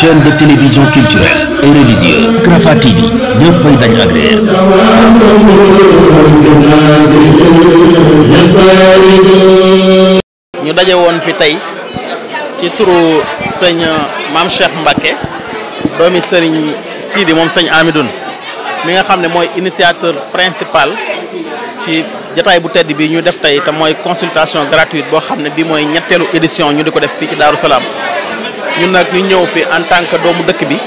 chaîne de télévision culturelle et religieuse Rafah TV ñëppay dañu agréer ñu daje woon fi tey ci turu sëñ maam Cheikh Mbacké doomi sëriñ bi moom sëñ Amidoun mi nga xam ne mooy initiateur principal ci jataay bu tedd bi ñu def tey te mooy consultation gratuite boo xam ne bi mooy ñetteelu édition ñu di ko def fii ci Daaru ñun nag ñu ñëw fi en tant que doomu dëkk bi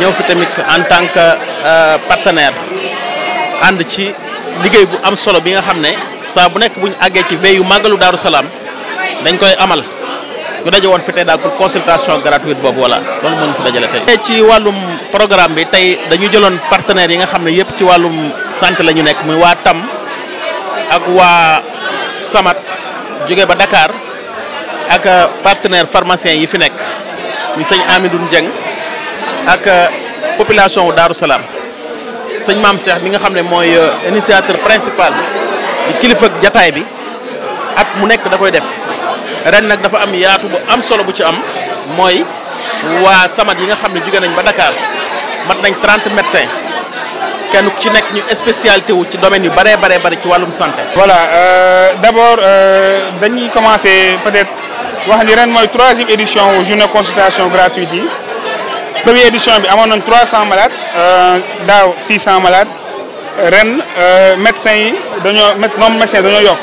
ñëw fi tamit en tant que euh, partenaire ànd ci liggéey bu am solo bi nga xam ne saa bu nekk bu ñu àggee ci veille yu màggalu Daaru Salaam dañ koy amal ñu daje woon fi tey daal pour consultation gratuite boobu voilà loolu moo ñu fi dajale tey. ci wàllum programme bi tey dañu jëloon partenaires yi nga xam ne yëpp ci wàllum santé la ñu nekk muy waa TAM ak waa SAMAT jóge ba dakaar ak euh, partenaire pharmacien yi fi nekk ñu sëñ Amidoune Dieng ak euh, population wu Daaru sëñ Maam Cheikh mi nga xam ne mooy euh, initiateur principal di kilifa jataay bi at mu nekk da koy def ren nag dafa am yaatu bu am solo bu ci am mooy waa samat yi nga xam ne jóge nañ ba Dakar mat nañ 30 médecins kenn ku ci nekk ñu spécialité wu ci domaine yu bëree baree bëri ci wàllum santé. voilà euh, d'abord dañuy commencé wax ni ren mooy troisième édition wu journée consultation gratuite yi première édition bi amoon nañ trois cent malades euh, daaw six cent malades ren euh, médecins yi dañoo moom médecin dañoo yokk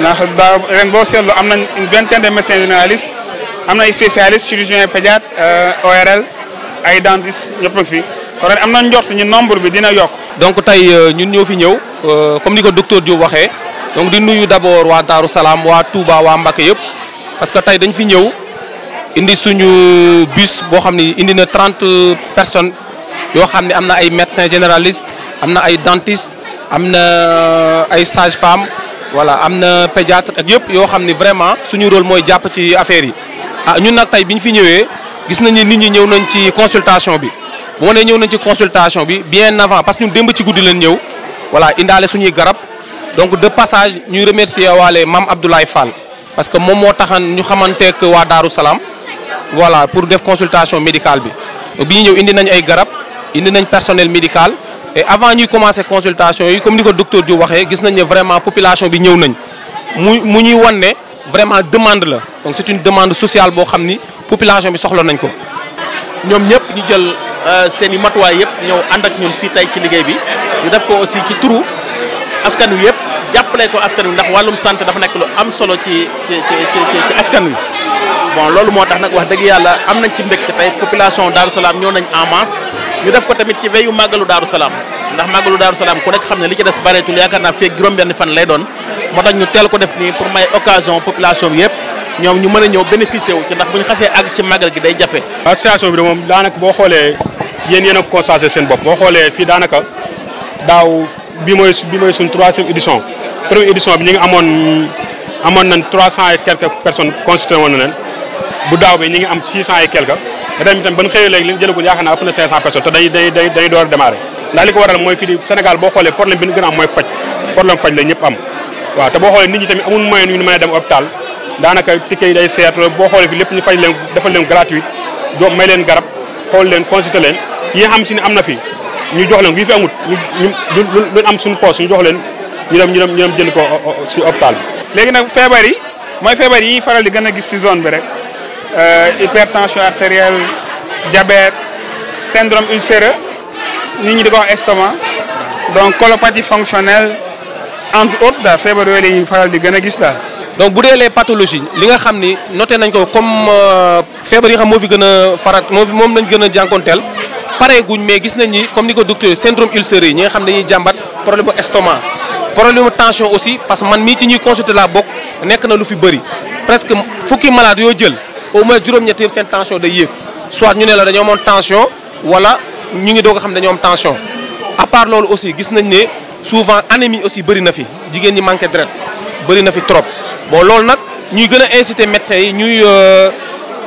ndax daaw ren boo seetlu am nañ une de médecins généralistes am na ay spécialistes chirurgiens pédiatres euh, ORL ay dentistes ñëpp a fi ren am na njort ñu nombre bi dina yokk. donc tey ñun ñoo fi ñëw comme ni ko docteur Diop waxee donc di nuyu d' abord waa Darou Salaam waa Touba waa Mbacké yëpp. parce que tey dañ fi ñëw indi suñu bus boo xam ni indi na trente personnes yoo xam ne am na ay médecins généralistes am na ay dentistes am na euh, ay sages-femmes wala am na pédiatre ak yëpp yoo xam ni vraiment suñu rôle mooy jàpp ci affaire yi ah ñun nag tey bi ñu fi ñëwee gis nañ nit ñi ñëw nañ ci consultation bi bu ma nee ñëw nañ ci consultation bi bien avant parce que ñun démb ci guddi leen ñëw voilà indiale suñuy garab donc de passage ñuy remercier waale Mame Abdoulaye Fall. parce que moom moo taxan ñu xamante xamanteek waa Daaru Salaam voilà pour def consultation médicale bi bi ñu ñëw indi nañ ay garab indi nañ personnel médical avant ñuy commencer consultation yi comme ni ko docteur Diouf waxee gis nañ ne vraiment population bi ñëw nañ mu mu ñuy wan ne vraiment demande la donc c'est une demande sociale boo xam ni population bi soxla nañ ko. ñoom ñëpp ñu jël euh, seen i matuwaay yëpp ñëw ànd ak ñun fii tey ci liggéey bi ñu def ko aussi ci turu askan wi yëpp. jàppale ko askan wi ndax wàllum santé dafa nekk lu am solo ci ci ci ci wi bon loolu moo tax nag wax dëgg yàlla am nañ ci mbégte tey population Darou Salaam ñëw en masse ñu def ko tamit ci màggalu Darou Salaam ndax màggalu Darou Salaam ku nekk xam ne li ci des bareetul yaakaar naa fii juróom-benn fan lay doon moo tax ñu teel ko def nii pour may occasion population bi yëpp ñoom ñu mën a ñëw bénéficier wu ci ndax bu ñu xasee àgg ci màggal gi day jafe. association bi de moom daanaka boo xoolee yéen yéen a seen bopp boo xoolee fii daanaka daaw bi mooy bi mooy suñ troisième édition première édition bi ñu ngi amoon amoon nañ trois cent et quelques personnes constitué woon na leen bu daaw bi ñu ngi am six cent et quelques ren itam ban xëyee léegi jëlagul yaakaar naa ëpp na cinq personnes te dañuy door a ndax li ko waral mooy fii di Sénégal boo xoolee problème bi ñu gën am mooy faj problème faj la ñëpp am waaw te boo xoolee nit ñi tamit amul moyen yu ñu dem hôpital daanaka ticket yi day seet boo xoolee fi lépp ñu faj ñu dem ñu dem ñu dem jël ko si hôpital bi. léegi nag feebar yi mooy feebar yi faral di gën a gis si zone bi rek euh, hypertension artérielle diabète syndrome ulcéreux nit ñi di ko wax estomac donc colopathie fonctionnelle entre autres daal feebar yooyu la ñuy faral di gën a gis daal. donc bu dee les pathologies li nga xam ni noté nañ ko comme euh, feebar yi nga xam moo fi gën a farat moo fi moom lañ gën a jànkonteel pareeguñ mais gis nañ ni comme ni ko docteur syndrome ulcéreux yi ñi nga xam dañuy jàmbat problème bu estomac problème tension aussi parce que man mii ci ñuy consulter laa bokk nekk na lu fi bëri presque fukki malade yoo jël au moins juróom-ñett yëpp seen tension day yéeg soit ñu ne la dañoo amoon tension wala ñu ngi doog a xam dañoo am tension à part loolu aussi gis nañ ne souvent anémie aussi bëri na fi jigéen ñi manqué deret bëri na fi trop boo loolu nag ñuy gën a inciter médecins yi ñuy euh,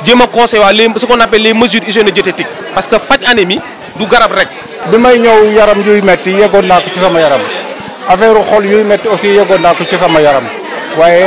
jéem a conseiller waa les ce qu'on appelle les mesures hygiéno-diététiques parce que faj anémie du garab rek. bi may ñëw yaram yuy metti yeggoon naa ko ci sama yaram. affaire xol yooyu métti aussi yëgoon naa ko ci sama yaram waaye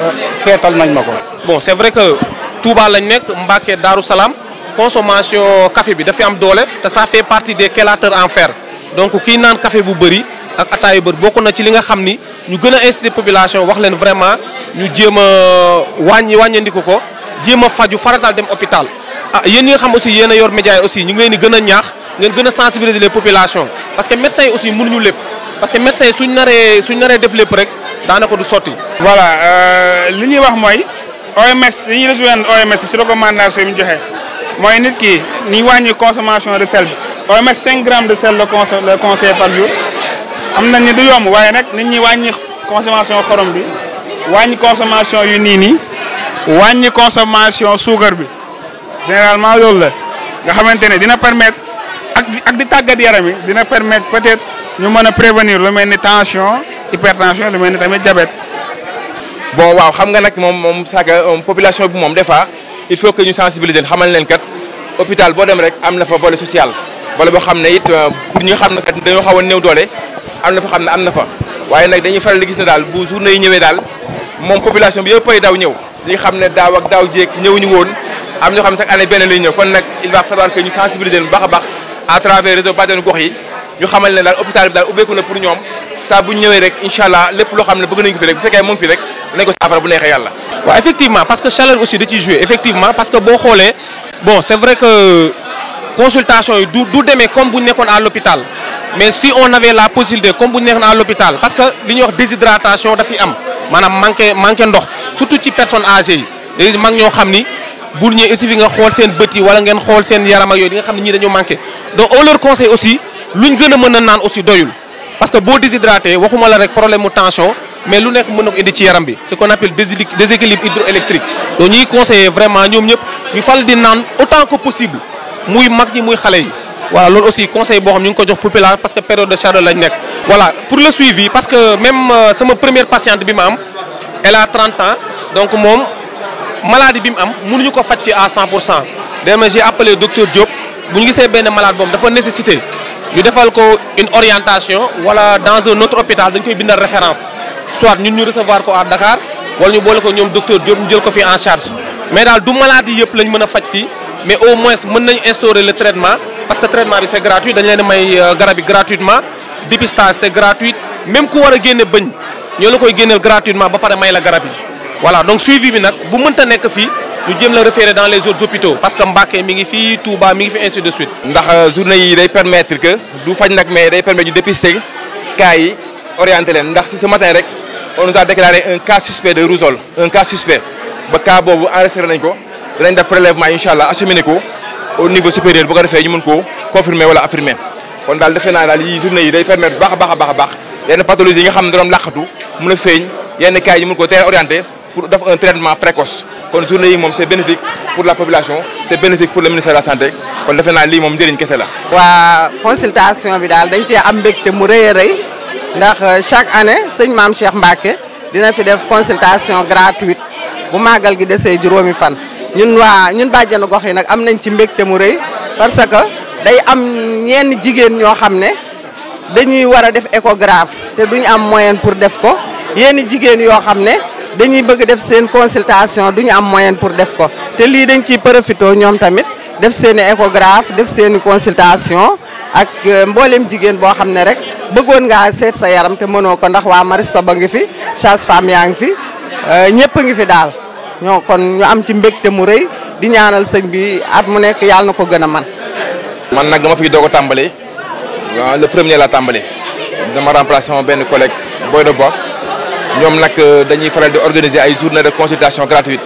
euh, seetal nañ ma ko. bon c'est vrai que Touba lañ nekk Mbacké Darou Salam consommation café bi dafa am doole te ça fait partie des chélateurs en fer donc kii naan café bu bëri ak ataayu bëri bokk na ci li nga xam ni ñu gën a inciter population wax leen vraiment ñu jéem a euh, wàññi wàññandiku ko jéem a faju faratal dem hôpital. ah yéen ñi nga xam aussi yéen a yor média yi aussi ñu ngi leen di gën a ñaax ngeen gën a sensibiliser les populations parce que médecins yi aussi lépp. parce que médecin suñ naree suñ naree def lépp rek daanako du sotti. voilà euh, li ñuy wax mooy OMS li ñuy rejoindre OMS si recommandation yi mu joxe mooy nit ki ni wàññi consommation de sel bi OMS 5 grammes de sel la le conseil par jour am nañ ni du yomb waaye nag nit ñi wàññi consommation xorom bi wàññi consommation yu nii nii wàññi consommation suukar bi généralement loolu la nga xamante ne dina permettre ak ak di tàggat yaram yi dina permettre peut ñu mën a prévenir lu mel ni tension hypertension lu mel ni tamit diabète. bon waaw xam nga nag moom moom Saka population bi moom des fois il faut que ñu sensibiliser xamal leen kat hôpital boo dem rek am na fa volet social volet boo xam ne it euh, pour ñu xam ne kat dañoo xaw a néew doole am na fa xam ne am na fa waaye nag dañuy faral di gis ne daal bu journée yi ñëwee daal moom population bi yëppay daw ñëw. ñi xam ne daaw ak daaw jéeg ñëwuñu woon am ñoo xam ne sax année benn lay kon nag il va falloir que ñu sensibiliser bu baax a baax à Gox yi. ñu xamal ne daal hôpital bi daal ubbeeku na pour ñoom saa bu ñëwee rek incha allah lépp loo xam ne bëgg nañ ko fi rek bu fekkee mu fi rek dinañ ko saafara bu neexee yàlla. waaw effectivement parce que chaleur aussi da ciy joué effectivement parce que boo xoolee bon c'est vrai que consultation yi du demee comme bu nekkoon à l'hôpital mais si on avait la possibilité comme bu ñu nekkoon a l'hôpital parce que li ñuy wax déshydratation dafiy am maanaam manqué ndox surtout ci personnes âgées yi xam ni nga xool xool seen yaram ak yooyu di nga xam ne ñii dañoo manqué donc on leur conseille luñ gën a mën a naan aussi doyul parce que boo déshydraté waxuma la rek problème mu tension mais lu nekk mën na ko indi ci yaram bi ce qu'on appelle déséquilibre ñëpp ñu fal naan autant que possible muy mag ñi muy xale yi voilà loolu aussi conseil boo xam ñu ngi ko jox population parce que période de chaleur lañ nekk voilà pour le suivi parce que même euh, bi ma am elle a 30 ans donc moom maladie bi mu am mënuñu ko faj fii à 100 pour cent dama j'ai appelé docteur Diop bu ñu gisee benn malaad boobu dafa nécessité ñu defal ko une orientation wala dans un autre hôpital dañ koy bindal référence soit ñun ñu recevoir ko à Dakar wala ñu boole ko ñoom docteur Diop ñu jël ko fi en charge mais daal du maladie yëpp lañ mën a faj fii mais au moins mën nañ instaurer le traitement parce que traitement bi c'est gratuit dañ leen may euh, garab yi gratuitement dépistage c'est gratuit même ku war a génne bëñ ñoo la koy génne gratuitement ba pare may la garab yi voilà donc bi nag nekk fii. ñu jëm la référer dans les autres hôpitaux parce que Mbacké mi ngi fii Touba mi ngi fi ainsi de suite. ndax euh, journée yi day permettre que du faj nag mais day permettre leen ndax si ce matin rek on nous a déclaré un de rougeole un cas suspect ba cas boobu enregistré nañ ko danañ def prélèvement incha allah acheminé ko au niveau supérieur bu ko defee ñu mën koo confirmer wala affirmer kon daal defe naa daal yi journée yi day permettre baax a baax a baax a baax pathologie nga xam ne doon làqatu mun a feeñ yenn cas yi mën pour def un traitement kon journée yi moom c' est bénéfique pour la population c' est bénéfique pour le ministère de la santé kon defe naa lii moom njëriñ kese la. waa consultation bi daal dañ cee am mbégte mu rëy a ndax euh, chaque année sëñ maam Cheikh Mbacke dina fi def consultation gratuite bu màggal gi desee juróomi fan. ñun waa ñun bàjjenu gox yi nag am nañ ci mbégte mu rëy parce que day am ñenn jigéen ñoo xam ne dañuy war a def échographe te duñ am moyen pour def ko yenn jigéen yoo xam ne. dañuy bëgg def seen consultation ñu am moyen pour def ko te lii dañ ciy profité ñoom tamit def seen i échographe def seeni i consultation ak euh, mboolem jigéen boo xam ne rek bëggoon nga seet sa yaram te mënoo ko ndax waa Maristes a ngi fi sage-femme yaa ngi fi euh, ñëpp ngi fi daal ñoo kon ñu am ci mbégte mu rëy di ñaanal sëñ bi at mu nekk yàlla na ko gën a man man nag dama fiy doo ko tàmbali le premier la tàmbali dama remplacé sama benn collègue Boy de ñoom nag euh, dañuy faral di organiser ay journée de consultation gratuite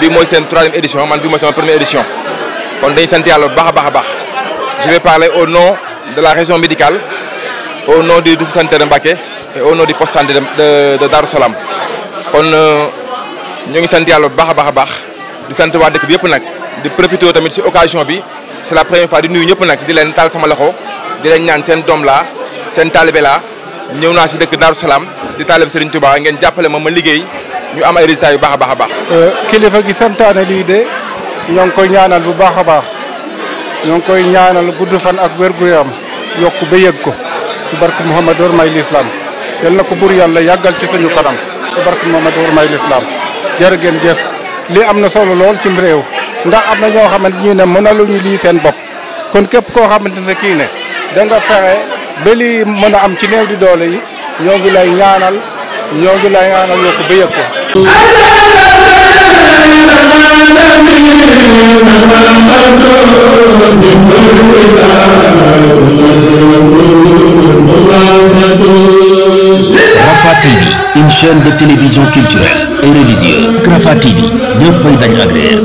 bi mooy seen troisième édition man bi mooy sama première édition kon dañuy sant yàlla bu baax a baax a baax je parler au nom de la région médicale au nom du district sanitaire de Mbacké au nom du poste santé de de Darou Salam kon euh, ñu ngi seen yàlla bu baax a baax a baax di sant waa dëkk bi yëpp nag di profité tamit ci occasion bi c'est la première fois di nuy ñëpp nag di leen taal sama loxo di leen seen doom laa seen taalibe laa ñëw naa ci dëkk Darou Salam di taalib Serigne Touba ngeen jàppale ma ma liggéey ñu am ay résultats yu baax a baax a baax. Euh, kilifa gi santaane lii de ñoo ngi koy ñaanal bu baax a baax ñoo ngi koy ñaanal gudd fan ak wér gu yaram yokk ba yëg ko ci barke Mouhamed war may lislaam yal na ko bur yàlla yàggal ci suñu kanam ci barke Mouhamed war may lislaam jërë ngeen jëf lii am na solo lool cim réew ndax am na ñoo xamante ñu ne mënaluñu lii seen bopp kon képp koo xamante ne kii ne da nga fexe ba lii mën a am ci néew di doole yi. ñoo ngi lay ñaanal ñoo ngi lay ñaanal yokk ba yëg ko Rafah TV une chaîne de télévision culturelle et religieuse Rafah TV ñëppay dañ agréer